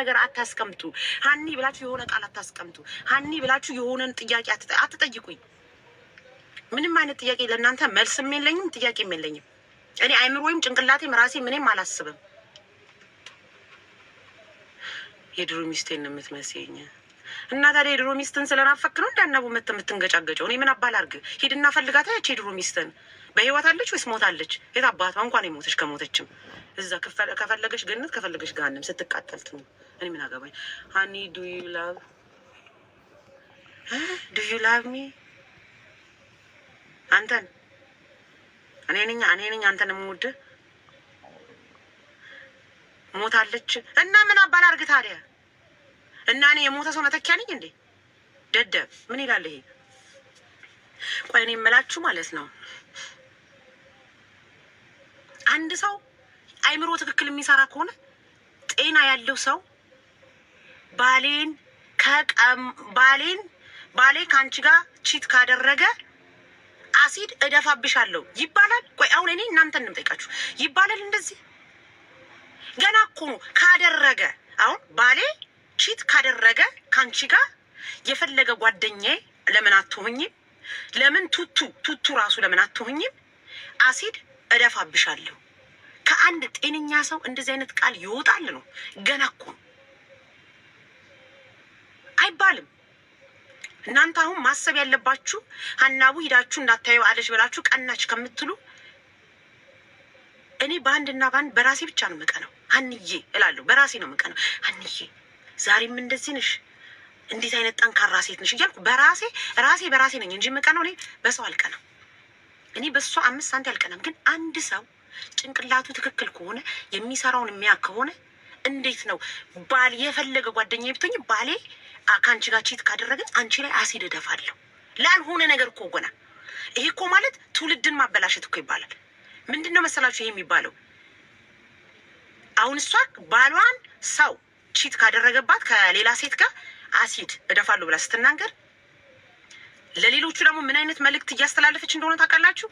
ነገር አታስቀምጡ። ሀኒ ብላችሁ የሆነ ቃል አታስቀምጡ። ሀኒ ብላችሁ የሆነን ጥያቄ አትጠይቁኝ። ምንም አይነት ጥያቄ ለእናንተ መልስም የለኝም፣ ጥያቄም የለኝም። እኔ አይምሮ ወይም ጭንቅላቴም ራሴ ምንም አላስብም። የድሮ ሚስቴን የምትመስኝ እና ታዲያ የድሮ ሚስትን ስለናፈክ ነው እንዳናቡ መተ የምትንገጫገጨው? እኔ ምን አባል አርግ? ሂድና ፈልጋታ። ያች የድሮ ሚስትን በህይወት አለች ወይስ ሞታለች? የት አባቷ እንኳን የሞተች ከሞተችም እዛ ከፈለገች ገነት ከፈለገች ገሃነም ስትቃጠል ነው። እኔ ምን አገባኝ? ሀኒ ዱ ዩ ላቭ ዱ ዩ ላቭ ሚ አንተን እኔ ነኝ እኔ ነኝ አንተን የምውድ ሞታለች እና ምን አባል አድርግ ታዲያ እና እኔ የሞተ ሰው መተኪያ ነኝ እንዴ? ደደብ ምን ይላል ይሄ? ቆይ እኔ የምላችሁ ማለት ነው አንድ ሰው አይምሮ ትክክል የሚሰራ ከሆነ ጤና ያለው ሰው ባሌን ከቀም ባሌን ባሌ ከአንቺ ጋር ቺት ካደረገ አሲድ እደፋብሻለሁ ይባላል። ቆይ አሁን እኔ እናንተ እንምጠይቃችሁ ይባላል እንደዚህ ገና እኮ ነው ካደረገ። አሁን ባሌ ቺት ካደረገ ከአንቺ ጋር የፈለገ ጓደኛዬ ለምን አትሆኝም? ለምን ቱቱ ቱቱ ራሱ ለምን አትሆኝም? አሲድ እደፋብሻለሁ ከአንድ ጤነኛ ሰው እንደዚህ አይነት ቃል ይወጣል ነው ገና እኮ አይባልም። እናንተ አሁን ማሰብ ያለባችሁ ሀናቡ ሂዳችሁ እንዳታዩ አለች ብላችሁ ቀናች ከምትሉ እኔ በአንድና በአንድ በራሴ ብቻ ነው የምቀነው። አንዬ እላለሁ፣ በራሴ ነው የምቀነው። አንዬ ዛሬም እንደዚህ ነሽ፣ እንዴት አይነት ጠንካራ ሴት ነሽ እያልኩ በራሴ ራሴ በራሴ ነኝ እንጂ የምቀነው፣ እኔ በሰው አልቀነው። እኔ በሷ አምስት ሳንቲ አልቀናም። ግን አንድ ሰው ጭንቅላቱ ትክክል ከሆነ የሚሰራውን የሚያ ከሆነ እንዴት ነው ባል የፈለገ ጓደኛ ብትሆኝ ባሌ ከአንቺ ጋር ቺት ካደረገች አንቺ ላይ አሲድ እደፋለሁ ላልሆነ ነገር እኮ ጎና። ይሄ እኮ ማለት ትውልድን ማበላሸት እኮ ይባላል። ምንድን ነው መሰላችሁ ይሄ የሚባለው? አሁን እሷ ባሏን ሰው ቺት ካደረገባት ከሌላ ሴት ጋር አሲድ እደፋለሁ ብላ ስትናገር ለሌሎቹ ደግሞ ምን አይነት መልእክት እያስተላለፈች እንደሆነ ታውቃላችሁ?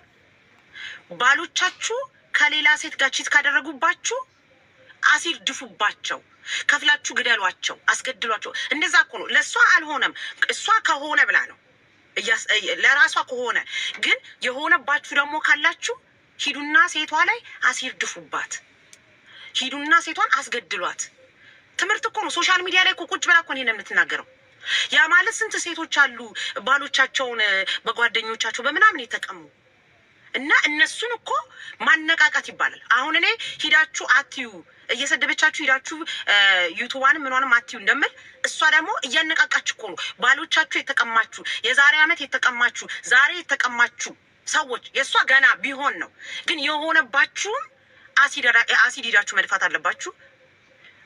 ባሎቻችሁ ከሌላ ሴት ጋር ቺት ካደረጉባችሁ አሲድ ድፉባቸው፣ ከፍላችሁ ግደሏቸው፣ አስገድሏቸው። እንደዛ እኮ ነው። ለእሷ አልሆነም፣ እሷ ከሆነ ብላ ነው ለራሷ ከሆነ ግን የሆነባችሁ ደግሞ ካላችሁ ሂዱና ሴቷ ላይ አሲር ድፉባት። ሂዱና ሴቷን አስገድሏት። ትምህርት እኮ ነው። ሶሻል ሚዲያ ላይ ቁጭ ብላ እኮ ይሄን የምትናገረው ያ ማለት ስንት ሴቶች አሉ ባሎቻቸውን በጓደኞቻቸው በምናምን የተቀሙ እና እነሱን እኮ ማነቃቃት ይባላል። አሁን እኔ ሂዳችሁ አትዩ እየሰደበቻችሁ ሄዳችሁ ዩቱዋንም ምንሆንም አትዩ እንደምል እሷ ደግሞ እያነቃቃችሁ እኮ ነው። ባሎቻችሁ የተቀማችሁ የዛሬ ዓመት የተቀማችሁ ዛሬ የተቀማችሁ ሰዎች የእሷ ገና ቢሆን ነው። ግን የሆነባችሁም አሲድ ሄዳችሁ መድፋት አለባችሁ፣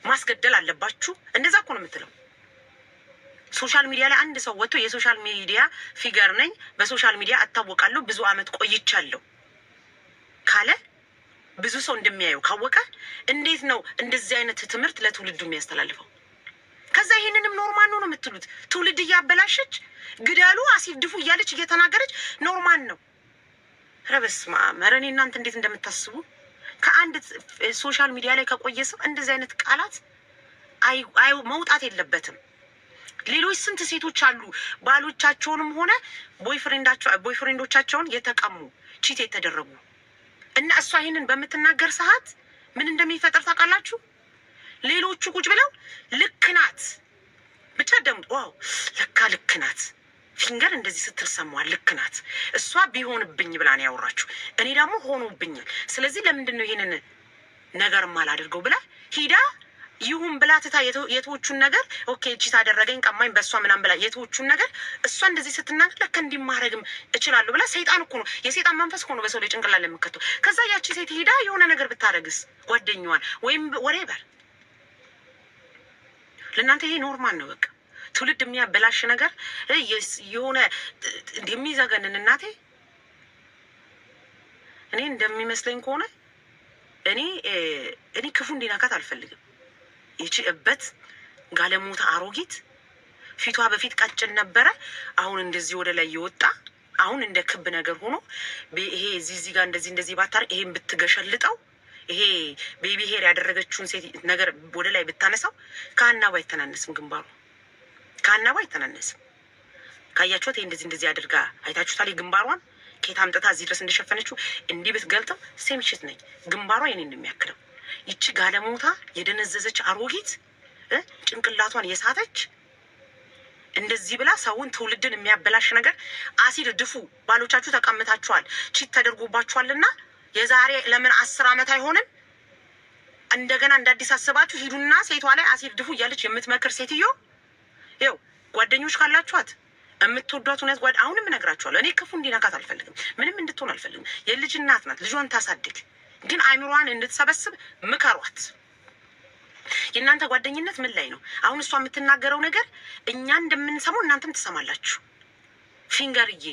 ማስገደል አለባችሁ። እንደዛ እኮ ነው የምትለው። ሶሻል ሚዲያ ላይ አንድ ሰው ወጥቶ የሶሻል ሚዲያ ፊገር ነኝ፣ በሶሻል ሚዲያ እታወቃለሁ፣ ብዙ አመት ቆይቻለሁ ካለ ብዙ ሰው እንደሚያየው ካወቀ እንዴት ነው እንደዚህ አይነት ትምህርት ለትውልዱ የሚያስተላልፈው? ከዛ ይህንንም ኖርማል ነው ነው የምትሉት። ትውልድ እያበላሸች ግደሉ፣ አሲድ ድፉ እያለች እየተናገረች ኖርማል ነው። ኧረ በስመ አብ! ኧረ እኔ እናንተ እንዴት እንደምታስቡ ከአንድ ሶሻል ሚዲያ ላይ ከቆየ ሰው እንደዚህ አይነት ቃላት መውጣት የለበትም። ሌሎች ስንት ሴቶች አሉ ባሎቻቸውንም ሆነ ቦይፍሬንዶቻቸውን የተቀሙ ቺት የተደረጉ እና እሷ ይህንን በምትናገር ሰዓት ምን እንደሚፈጠር ታውቃላችሁ? ሌሎቹ ቁጭ ብለው ልክ ናት ብቻ ደም ዋው ለካ ልክ ናት ፊንገር እንደዚህ ስትል ሰማዋል። ልክ ናት እሷ ቢሆንብኝ ብላ ነው ያወራችሁ። እኔ ደግሞ ሆኖብኛል። ስለዚህ ለምንድን ነው ይህንን ነገር ማላደርገው ብላ ሂዳ ይሁን ብላ ትታ የተዎቹን ነገር ኦኬ፣ እቺ ታደረገኝ ቀማኝ በእሷ ምናም ብላ የተዎቹን ነገር እሷ እንደዚህ ስትናገር ለከ እንዲማረግም እችላለሁ ብላ ሰይጣን እኮ ነው የሰይጣን መንፈስ እኮ በሰው ላይ ጭንቅላል የምከቱ ከዛ ያቺ ሴት ሄዳ የሆነ ነገር ብታደረግስ ጓደኛዋን ወይም ወሬ በር ለእናንተ ይሄ ኖርማል ነው። በቃ ትውልድ የሚያበላሽ ነገር የሆነ የሚዘገንን እናቴ እኔ እንደሚመስለኝ ከሆነ እኔ እኔ ክፉ እንዲነካት አልፈልግም። ይቺ እበት ጋለሞታ አሮጊት ፊቷ በፊት ቀጭን ነበረ። አሁን እንደዚህ ወደ ላይ የወጣ አሁን እንደ ክብ ነገር ሆኖ ይሄ እዚህ እዚህ ጋር እንደዚህ እንደዚህ ባታር ይሄን ብትገሸልጠው ይሄ ቤቢ ሄር ያደረገችውን ሴት ነገር ወደ ላይ ብታነሳው ከአናባ አይተናነስም። ግንባሩ ከአናባ አይተናነስም። ካያችሁት ይሄ እንደዚህ እንደዚህ አድርጋ አይታችሁታል። ግንባሯን ከየት አምጥታ እዚህ ድረስ እንደሸፈነችው እንዲህ ብትገልጠው ሴም ሽት ነኝ። ግንባሯ የኔን ነው የሚያክለው። ይቺ ጋለሞታ የደነዘዘች አሮጊት ጭንቅላቷን የሳተች እንደዚህ ብላ ሰውን ትውልድን የሚያበላሽ ነገር አሲድ ድፉ። ባሎቻችሁ ተቀምታችኋል፣ ቺት ተደርጎባችኋልና የዛሬ ለምን አስር ዓመት አይሆንም? እንደገና እንዳዲስ አስባችሁ ሂዱና ሴቷ ላይ አሲድ ድፉ እያለች የምትመክር ሴትዮ ው ጓደኞች ካላችኋት የምትወዷት እውነት ጓድ አሁንም እነግራችኋለሁ። እኔ ክፉ እንዲነካት አልፈልግም። ምንም እንድትሆን አልፈልግም። የልጅ እናት ናት። ልጇን ታሳድግ። ግን አይምሯን እንድትሰበስብ ምከሯት። የእናንተ ጓደኝነት ምን ላይ ነው? አሁን እሷ የምትናገረው ነገር እኛ እንደምንሰማው እናንተም ትሰማላችሁ። ፊንገርዬ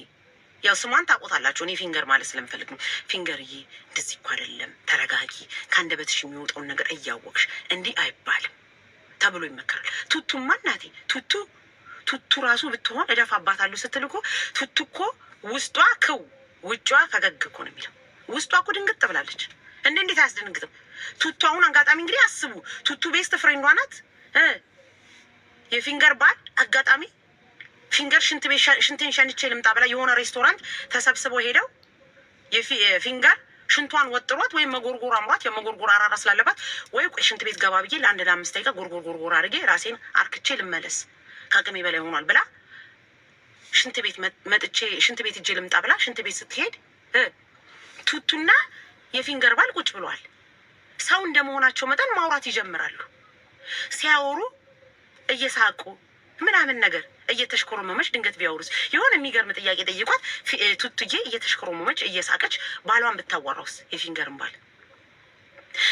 ያው ስሟን ታውቆታላችሁ። እኔ ፊንገር ማለት ስለምፈልግ ነው። ፊንገርዬ እንደዚህ እኮ አይደለም፣ ተረጋጊ፣ ከአንደበትሽ የሚወጣውን ነገር እያወቅሽ እንዲህ አይባልም ተብሎ ይመከራል። ቱቱ ማናቴ ቱቱ ቱቱ ራሱ ብትሆን እደፋባታለሁ ስትል እኮ ቱቱ እኮ ውስጧ ክው ውጫ ፈገግ እኮ ነው የሚለው ውስጧ እኮ ድንግጥ ብላለች። እንደ እንዴት አያስደንግጥም ቱቱ አሁን አጋጣሚ እንግዲህ አስቡ፣ ቱቱ ቤስት ፍሬንዷ ናት። የፊንገር ባል አጋጣሚ ፊንገር ሽንቴን ሸንቼ ልምጣ ብላ የሆነ ሬስቶራንት ተሰብስበው ሄደው የፊንገር ሽንቷን ወጥሯት ወይም መጎርጎር አምሯት የመጎርጎር አራራ ስላለባት ወይ ሽንት ቤት ገባ ብዬ ለአንድ ለአምስት ደቂቃ ጎርጎር ጎርጎር አድርጌ ራሴን አርክቼ ልመለስ ከአቅሜ በላይ ሆኗል ብላ ሽንት ቤት መጥቼ ሽንት ቤት እጄ ልምጣ ብላ ሽንት ቤት ስትሄድ ቱቱና የፊንገር ባል ቁጭ ብሏል። ሰው እንደመሆናቸው መጠን ማውራት ይጀምራሉ። ሲያወሩ እየሳቁ ምናምን ነገር እየተሽኮረመመች ድንገት ቢያወሩስ የሆነ የሚገርም ጥያቄ ጠይቋት ቱቱዬ እየተሽኮረመመች እየሳቀች ባሏን ብታዋራውስ የፊንገርን ባል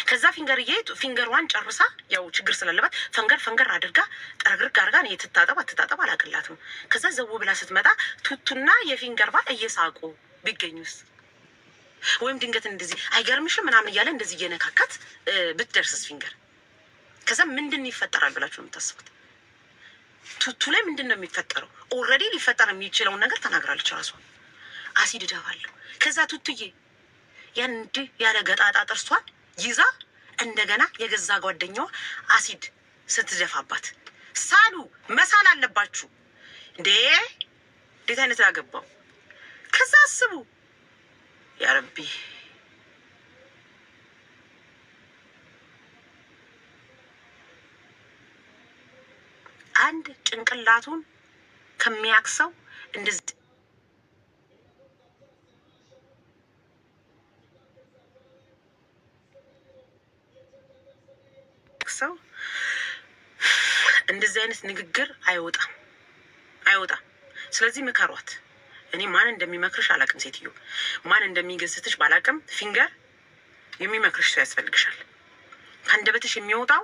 ከዛ ፊንገርዬ ፊንገሯን ጨርሳ ያው ችግር ስላለባት ፈንገር ፈንገር አድርጋ ጠረግርግ አድርጋ ነው የትታጠብ አትታጠብ አላቅላትም። ከዛ ዘው ብላ ስትመጣ ቱቱና የፊንገር ባል እየሳቁ ቢገኙስ ወይም ድንገት እንደዚህ አይገርምሽም ምናምን እያለ እንደዚህ እየነካካት ብትደርስ ፊንገር ከዛ ምንድን ይፈጠራል ብላችሁ ነው የምታስቡት? ቱቱ ላይ ምንድን ነው የሚፈጠረው? ኦልሬዲ ሊፈጠር የሚችለውን ነገር ተናግራለች ራሷ። አሲድ እደፋለሁ። ከዛ ቱቱዬ ያን እንዲህ ያለ ገጣጣ ጥርሷን ይዛ እንደገና የገዛ ጓደኛዋ አሲድ ስትደፋባት ሳሉ መሳል አለባችሁ እንዴ! እንዴት አይነት ያገባው ከዛ አስቡ ያረቢ አንድ ጭንቅላቱን ከሚያክሰው እንደዚህ እንደዚህ አይነት ንግግር አይወጣም አይወጣም። ስለዚህ ምከሯት። እኔ ማን እንደሚመክርሽ አላቅም። ሴትዮ ማን እንደሚገስትሽ ባላቅም፣ ፊንገር የሚመክርሽ ሰው ያስፈልግሻል። ከአንደበትሽ የሚወጣው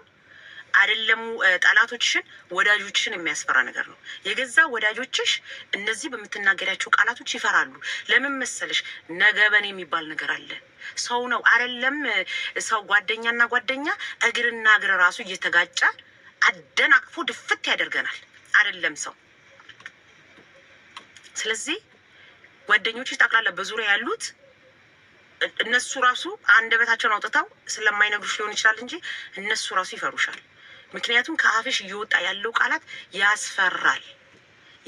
አይደለም ጠላቶችሽን ወዳጆችሽን የሚያስፈራ ነገር ነው። የገዛ ወዳጆችሽ እነዚህ በምትናገሪያቸው ቃላቶች ይፈራሉ። ለምን መሰለሽ? ነገበን የሚባል ነገር አለ። ሰው ነው አይደለም ሰው ጓደኛና ጓደኛ እግርና እግር ራሱ እየተጋጨ አደናቅፎ ድፍት ያደርገናል። አይደለም ሰው ስለዚህ ጓደኞች ጠቅላላ በዙሪያ ያሉት እነሱ ራሱ አንደበታቸውን አውጥተው ስለማይነግሩሽ ሊሆን ይችላል እንጂ እነሱ ራሱ ይፈሩሻል። ምክንያቱም ከአፍሽ እየወጣ ያለው ቃላት ያስፈራል፣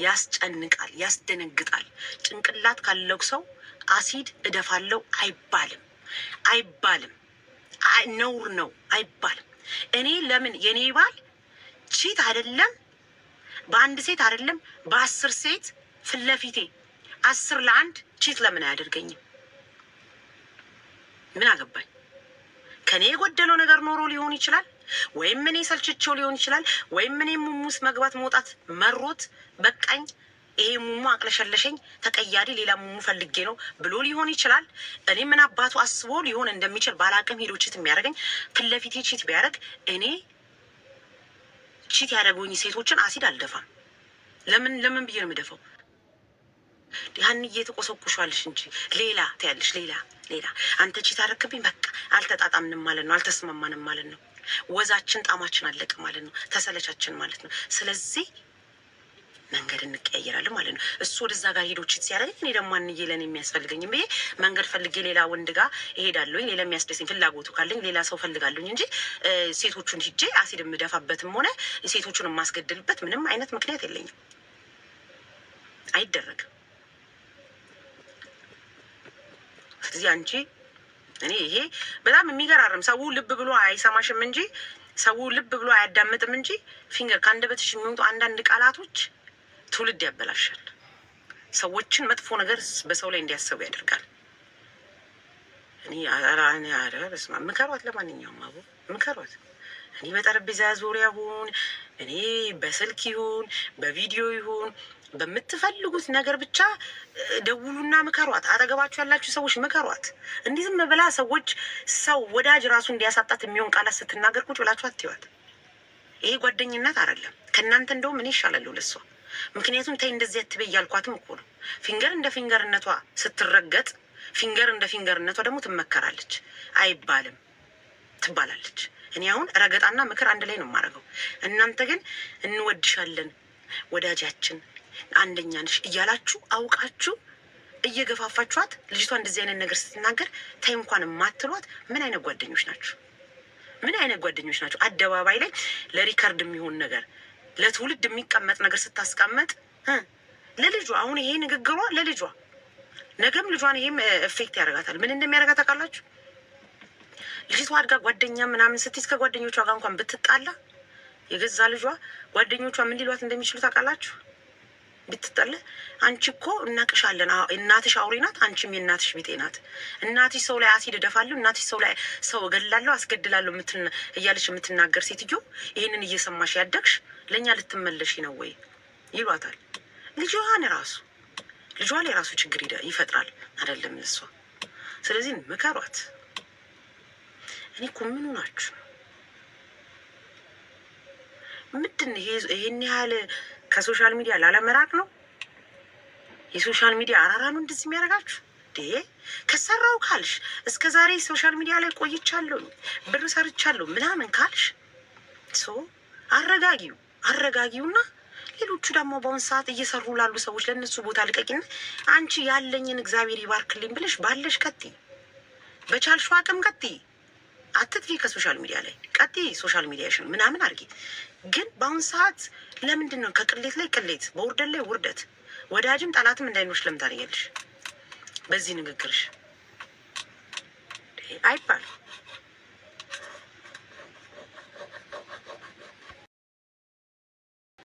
ያስጨንቃል፣ ያስደነግጣል። ጭንቅላት ካለው ሰው አሲድ እደፋለው አይባልም፣ አይባልም። ነውር ነው አይባልም። እኔ ለምን የኔ ባል ቺት አይደለም በአንድ ሴት አይደለም በአስር ሴት ፊት ለፊቴ አስር ለአንድ ቺት ለምን አያደርገኝም? ምን አገባኝ? ከኔ የጎደለው ነገር ኖሮ ሊሆን ይችላል፣ ወይም እኔ ሰልችቸው ሊሆን ይችላል፣ ወይም እኔ ሙሙስ መግባት መውጣት መሮት በቃኝ፣ ይሄ ሙሙ አቅለሸለሸኝ፣ ተቀያሪ ሌላ ሙሙ ፈልጌ ነው ብሎ ሊሆን ይችላል። እኔ ምን አባቱ አስቦ ሊሆን እንደሚችል ባላቅም ሄዶ ቺት የሚያደርገኝ ፊት ለፊቴ ቺት ቢያደርግ እኔ ቺት ያደረጉኝ ሴቶችን አሲድ አልደፋም። ለምን ለምን ብዬ ነው የምደፋው? ያን ትቆሰቁሻለሽ እንጂ ሌላ ትያለሽ፣ ሌላ ሌላ። አንተ ቺ ታረክብኝ በቃ አልተጣጣምንም ማለት ነው፣ አልተስማማንም ማለት ነው። ወዛችን ጣማችን አለቀ ማለት ነው፣ ተሰለቻችን ማለት ነው። ስለዚህ መንገድ እንቀያየራለን ማለት ነው። እሱ ወደዛ ጋር ሄዶ ቺት ሲያደርግ እኔ ደግሞ አንዬ ለእኔ የሚያስፈልገኝም ብዬ መንገድ ፈልጌ ሌላ ወንድ ጋር እሄዳለሁኝ። ሌላ የሚያስደስኝ ፍላጎቱ ካለኝ ሌላ ሰው ፈልጋለሁኝ እንጂ ሴቶቹን ሂጄ አሲድ የምደፋበትም ሆነ ሴቶቹን የማስገድልበት ምንም አይነት ምክንያት የለኝም። አይደረግም። ስለዚህ አንቺ እኔ ይሄ በጣም የሚገራርም ሰው ልብ ብሎ አይሰማሽም እንጂ ሰው ልብ ብሎ አያዳምጥም እንጂ ፊንገር ከአንደበትሽ የሚወጡ አንዳንድ ቃላቶች ትውልድ ያበላሻል። ሰዎችን መጥፎ ነገር በሰው ላይ እንዲያሰቡ ያደርጋል። በስመ ምከሯት። ለማንኛውም አቡ ምከሯት። እኔ በጠረጴዛ ዙሪያ ሁን፣ እኔ በስልክ ይሁን በቪዲዮ ይሁን በምትፈልጉት ነገር ብቻ ደውሉና ምከሯት። አጠገባችሁ ያላችሁ ሰዎች ምከሯት። እንዲህ ዝም ብላ ሰዎች ሰው ወዳጅ ራሱ እንዲያሳጣት የሚሆን ቃላት ስትናገር ቁጭ ብላችሁ አትይዋት። ይሄ ጓደኝነት አይደለም። ከእናንተ እንደውም እኔ ይሻላለሁ ለሷ። ምክንያቱም ተይ እንደዚህ አትበይ እያልኳትም እኮ ነው። ፊንገር እንደ ፊንገርነቷ ስትረገጥ፣ ፊንገር እንደ ፊንገርነቷ ደግሞ ትመከራለች። አይባልም ትባላለች። እኔ አሁን ረገጣና ምክር አንድ ላይ ነው የማደርገው። እናንተ ግን እንወድሻለን ወዳጃችን አንደኛ ነሽ እያላችሁ አውቃችሁ እየገፋፋችኋት ልጅቷ እንደዚህ አይነት ነገር ስትናገር ተይ እንኳን የማትሏት ምን አይነት ጓደኞች ናቸው? ምን አይነት ጓደኞች ናቸው? አደባባይ ላይ ለሪከርድ የሚሆን ነገር ለትውልድ የሚቀመጥ ነገር ስታስቀመጥ ለልጇ አሁን ይሄ ንግግሯ ለልጇ ነገም ልጇን ይሄም ኤፌክት ያደርጋታል። ምን እንደሚያደርጋት ታውቃላችሁ? ልጅቷ አድጋ ጓደኛ ምናምን ስትይዝ ከጓደኞቿ ጋር እንኳን ብትጣላ የገዛ ልጇ ጓደኞቿ ምን ሊሏት እንደሚችሉ ታውቃላችሁ? ብትጠለ አንቺ እኮ እናቅሻለን። እናትሽ አውሬ ናት፣ አንቺም የእናትሽ ቢጤ ናት። እናትሽ ሰው ላይ አሲድ እደፋለሁ፣ እናትሽ ሰው ላይ ሰው እገድላለሁ፣ አስገድላለሁ እያለች የምትናገር ሴትዮ ይህንን እየሰማሽ ያደግሽ ለእኛ ልትመለሽ ነው ወይ ይሏታል። ልጅዋን ራሱ ልጇ ላይ የራሱ ችግር ይፈጥራል አይደለም እሷ። ስለዚህ ምከሯት። እኔ እኮ ምኑ ናችሁ ምንድን ይሄን ያህል ከሶሻል ሚዲያ ላለመራቅ ነው። የሶሻል ሚዲያ አራራ ነው እንደዚህ የሚያደርጋችሁ። ከሰራው ካልሽ እስከ ዛሬ ሶሻል ሚዲያ ላይ ቆይቻለሁ ብር ሰርቻለሁ ምናምን ካልሽ ሶ አረጋጊው አረጋጊውና ሌሎቹ ደግሞ በአሁን ሰዓት እየሰሩ ላሉ ሰዎች ለእነሱ ቦታ ልቀቂና አንቺ ያለኝን እግዚአብሔር ይባርክልኝ ብለሽ ባለሽ ቀጥይ፣ በቻልሽው አቅም ቀጥይ። አትጥፊ ከሶሻል ሚዲያ ላይ ቀጥይ። ሶሻል ሚዲያሽን ምናምን አድርጊ። ግን በአሁን ሰዓት ለምንድን ነው ከቅሌት ላይ ቅሌት፣ በውርደት ላይ ውርደት፣ ወዳጅም ጠላትም እንዳይኖች ለምን በዚህ ንግግርሽ አይባልም።